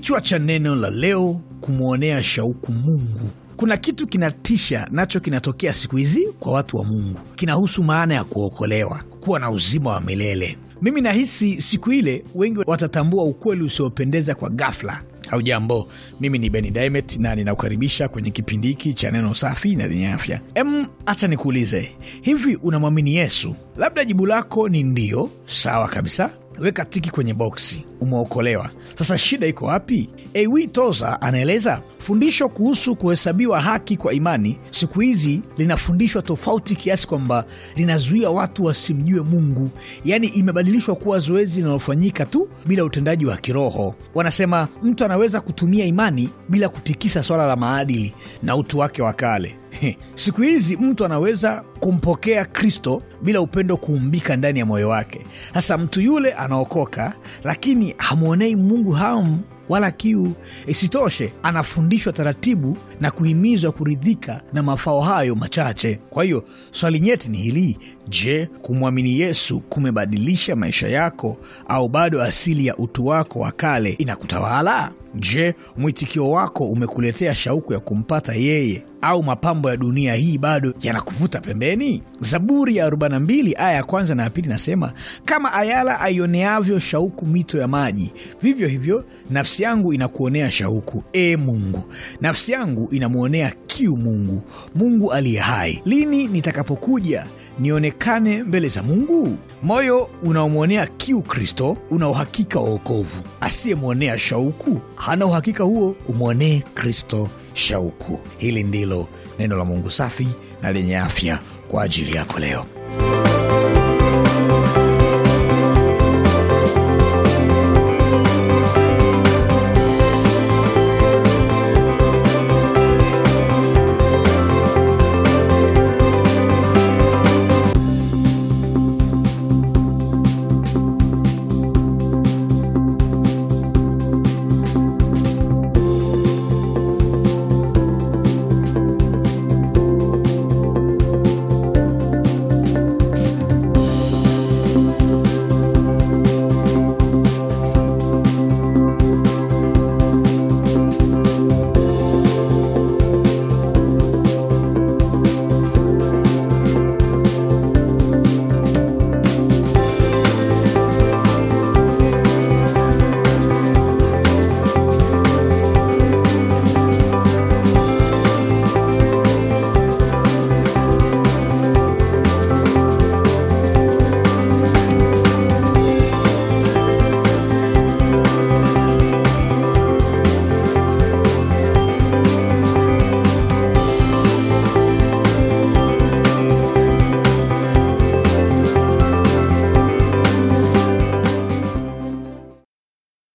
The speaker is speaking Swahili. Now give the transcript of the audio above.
Kichwa cha neno la leo, kumwonea shauku Mungu. Kuna kitu kinatisha nacho kinatokea siku hizi kwa watu wa Mungu. Kinahusu maana ya kuokolewa, kuwa na uzima wa milele. Mimi nahisi siku ile wengi watatambua ukweli usiopendeza kwa ghafla. Hujambo, mimi ni Beni Dimet na ninakukaribisha kwenye kipindi hiki cha neno safi na lenye afya. Em, hacha nikuulize hivi, unamwamini Yesu? Labda jibu lako ni ndiyo, sawa kabisa weka tiki kwenye boksi, umeokolewa. Sasa shida iko wapi? Ewi Toza anaeleza fundisho kuhusu kuhesabiwa haki kwa imani siku hizi linafundishwa tofauti kiasi kwamba linazuia watu wasimjue Mungu. Yaani imebadilishwa kuwa zoezi linalofanyika tu bila utendaji wa kiroho. Wanasema mtu anaweza kutumia imani bila kutikisa swala la maadili na utu wake wa kale. Siku hizi mtu anaweza kumpokea Kristo bila upendo kuumbika ndani ya moyo wake. Sasa mtu yule anaokoka, lakini hamwonei Mungu hamu wala kiu. Isitoshe, anafundishwa taratibu na kuhimizwa kuridhika na mafao hayo machache. Kwa hiyo swali nyeti ni hili: je, kumwamini Yesu kumebadilisha maisha yako, au bado asili ya utu wako wa kale inakutawala? Je, mwitikio wako umekuletea shauku ya kumpata yeye au mapambo ya dunia hii bado yanakuvuta pembeni? Zaburi ya 42 aya ya kwanza na ya pili nasema, kama ayala aioneavyo shauku mito ya maji, vivyo hivyo nafsi yangu inakuonea shauku, e Mungu. Nafsi yangu inamwonea kiu Mungu, Mungu aliye hai. Lini nitakapokuja nionekane mbele za Mungu? Moyo unaomwonea kiu Kristo una uhakika wa wokovu. Asiyemwonea shauku hana uhakika huo, umwonee Kristo shauku. Hili ndilo neno la Mungu safi na lenye afya kwa ajili yako leo.